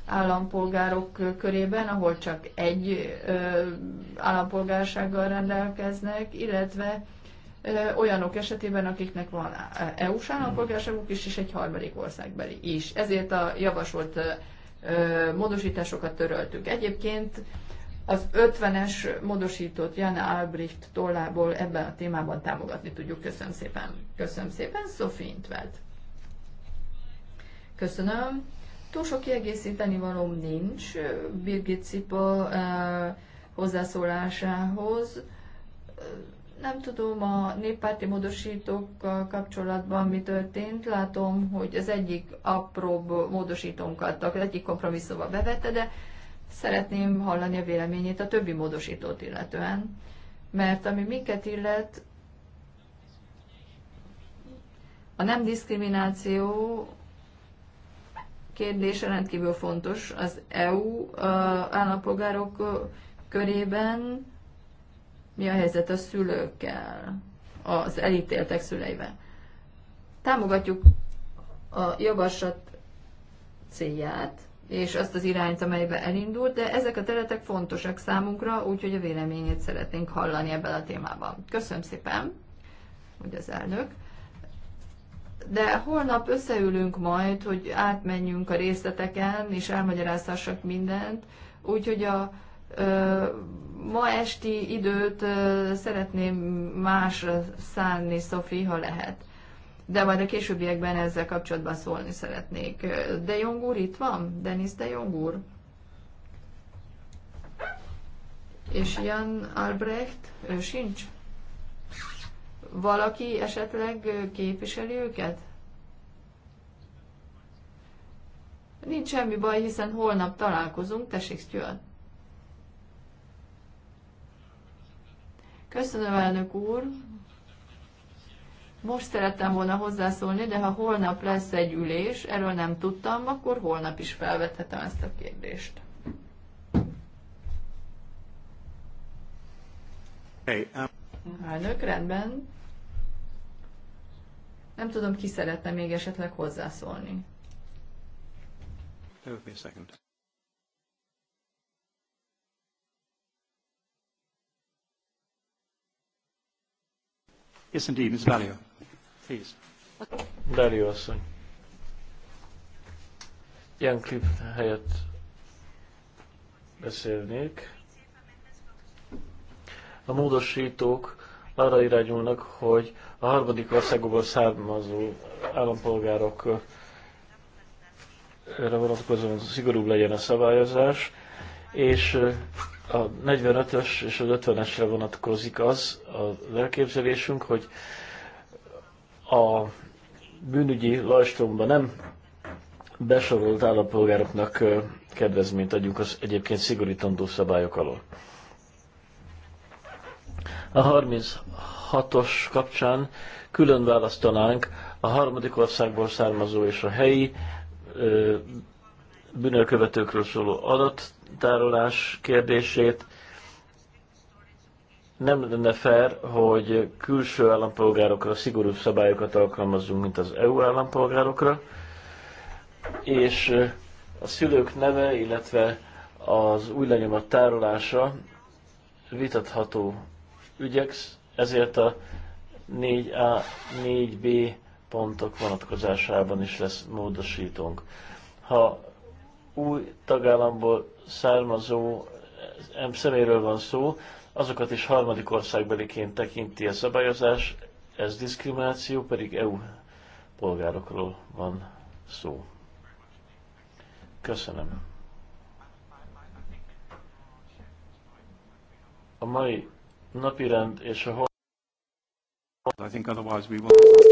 állampolgárok körében, ahol csak egy állampolgársággal rendelkeznek, illetve olyanok esetében, akiknek van EU-s állampolgárságuk is, és egy harmadik országbeli is. Ezért a javasolt módosításokat töröltük. Egyébként az 50-es módosított Jana Albrecht tollából ebben a témában támogatni tudjuk. Köszönöm szépen. Köszönöm szépen, Sophie Intveld. Köszönöm. Túl sok kiegészíteni valóm nincs Birgit Cipa hozzászólásához. Nem tudom, a néppárti módosítókkal kapcsolatban mi történt. Látom, hogy az egyik apróbb módosítónkat, az egyik kompromisszóba bevette, de szeretném hallani a véleményét a többi módosítót illetően. Mert ami minket illet, a nem diszkrimináció kérdése rendkívül fontos az EU állampolgárok körében. Mi a helyzet a szülőkkel, az elítéltek szüleivel? Támogatjuk a javaslat célját, és azt az irányt, amelybe elindult, de ezek a területek fontosak számunkra, úgyhogy a véleményét szeretnénk hallani ebben a témában. Köszönöm szépen, hogy az elnök de holnap összeülünk majd, hogy átmenjünk a részleteken, és elmagyarázhassak mindent, úgyhogy a ö, ma esti időt ö, szeretném más szánni, Szofi, ha lehet. De majd a későbbiekben ezzel kapcsolatban szólni szeretnék. De Jong úr itt van? Denis De Jong úr? És Jan Albrecht? Ő sincs? valaki esetleg képviseli őket? Nincs semmi baj, hiszen holnap találkozunk. Tessék, Stuart! Köszönöm, elnök úr! Most szerettem volna hozzászólni, de ha holnap lesz egy ülés, erről nem tudtam, akkor holnap is felvethetem ezt a kérdést. Hey, um... Elnök, rendben. Nem tudom, ki szeretne még esetleg hozzászólni. Yes, indeed, Ms. Valio. Please. Valio asszony. Ilyen Klip helyett beszélnék. A módosítók arra irányulnak, hogy a harmadik országokból származó állampolgárok erre vonatkozóan szigorúbb legyen a szabályozás, és a 45-ös és az 50-esre vonatkozik az az elképzelésünk, hogy a bűnügyi lajstromba nem besorolt állampolgároknak kedvezményt adjunk az egyébként szigorítandó szabályok alól. A 36-os kapcsán külön választanánk a harmadik országból származó és a helyi ö, bűnölkövetőkről szóló adattárolás kérdését. Nem lenne fair, hogy külső állampolgárokra szigorúbb szabályokat alkalmazzunk, mint az EU állampolgárokra, és a szülők neve, illetve az új lenyomat tárolása vitatható ügyek, ezért a 4A, 4B pontok vonatkozásában is lesz módosítónk. Ha új tagállamból származó szeméről van szó, azokat is harmadik országbeliként tekinti a szabályozás, ez diszkrimináció, pedig EU polgárokról van szó. Köszönöm. A mai napirend és a I think otherwise we will...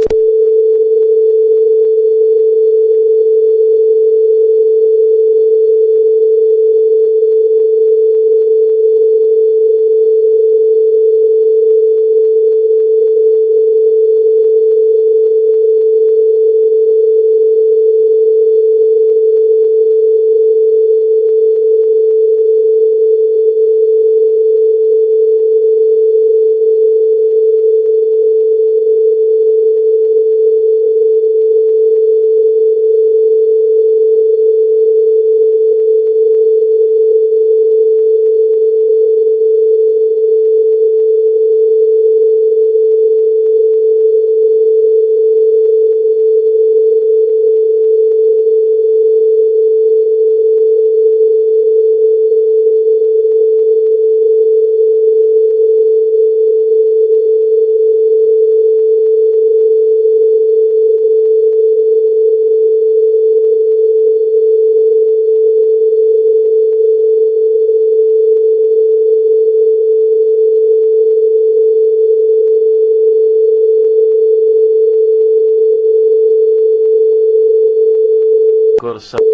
Lengyelország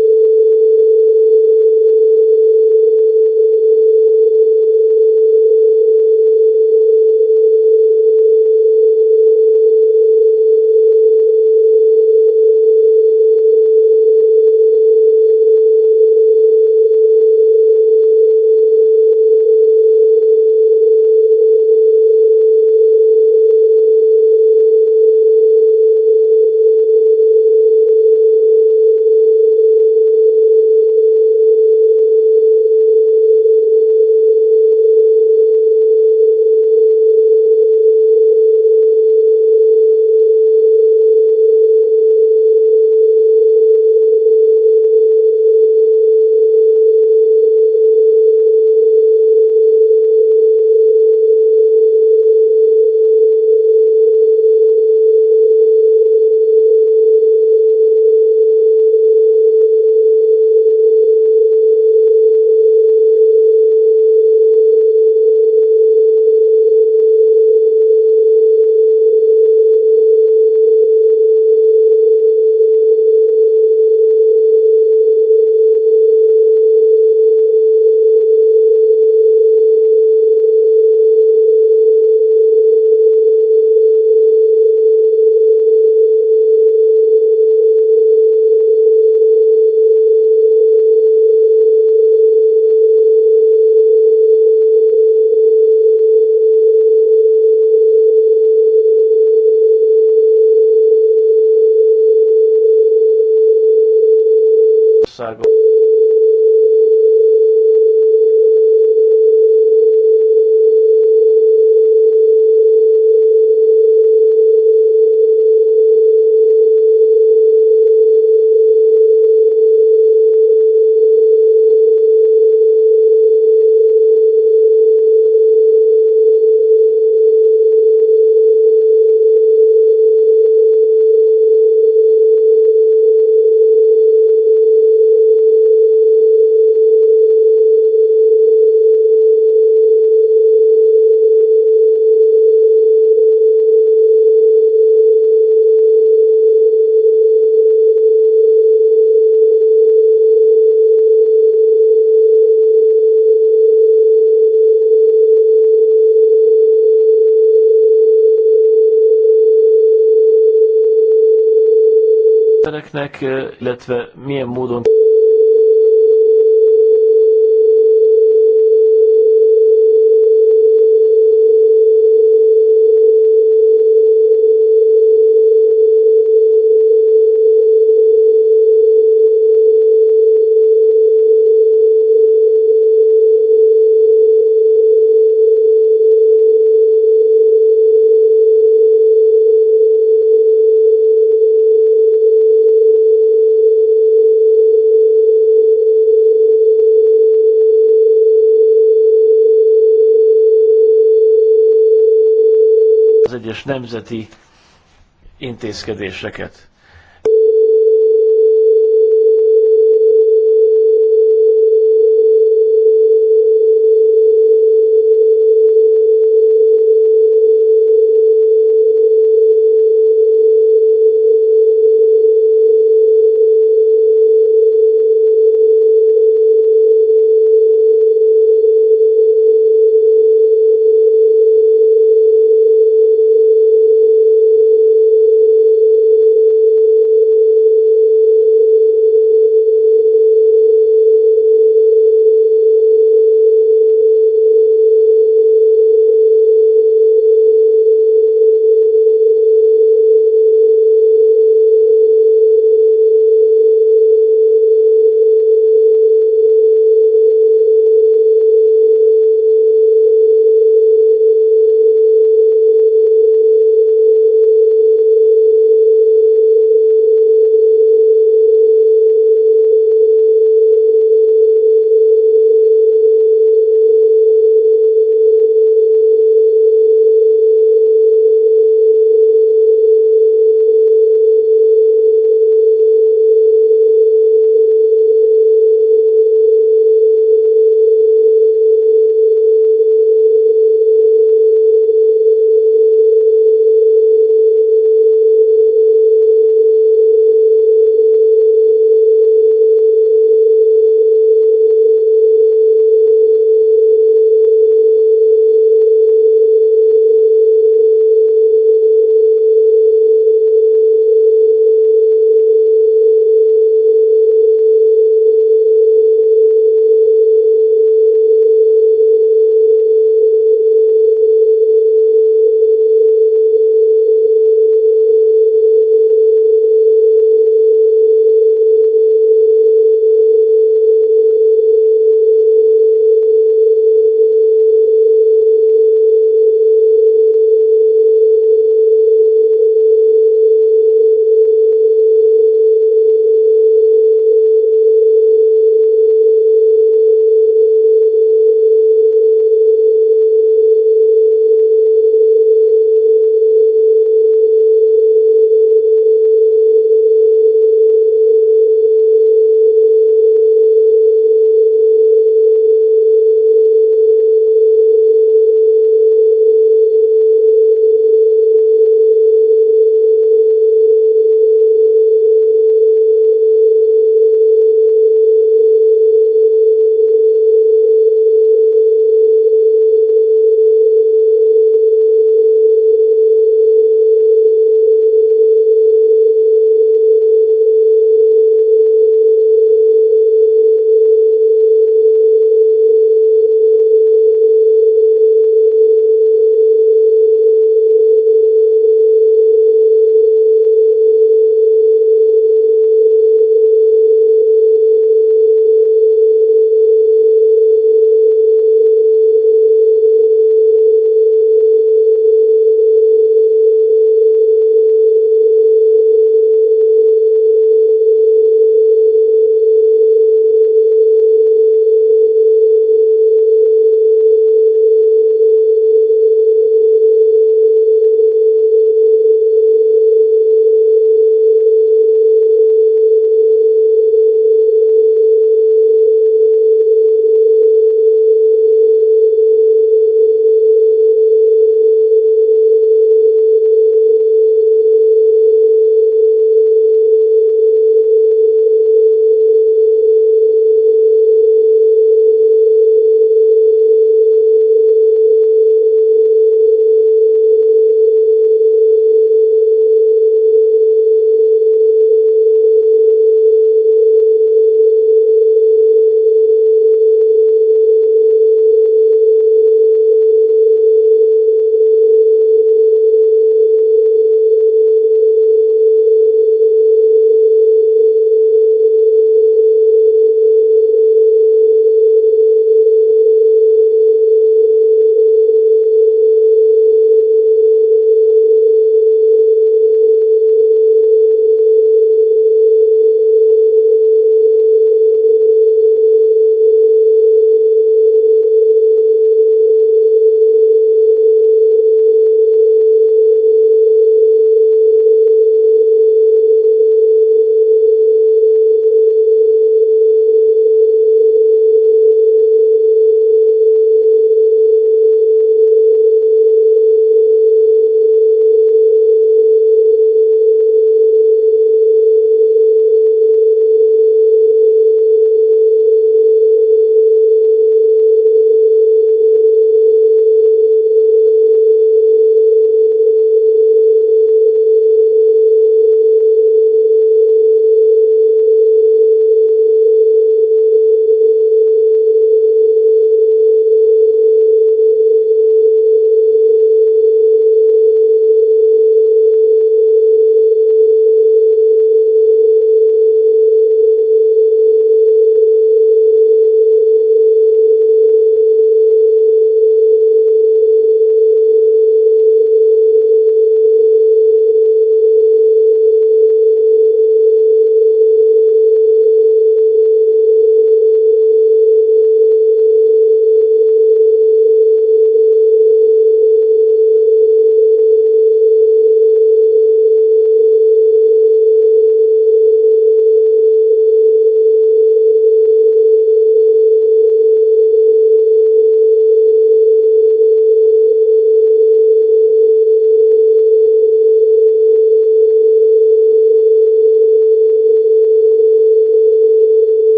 önöknek, illetve milyen módon az egyes nemzeti intézkedéseket.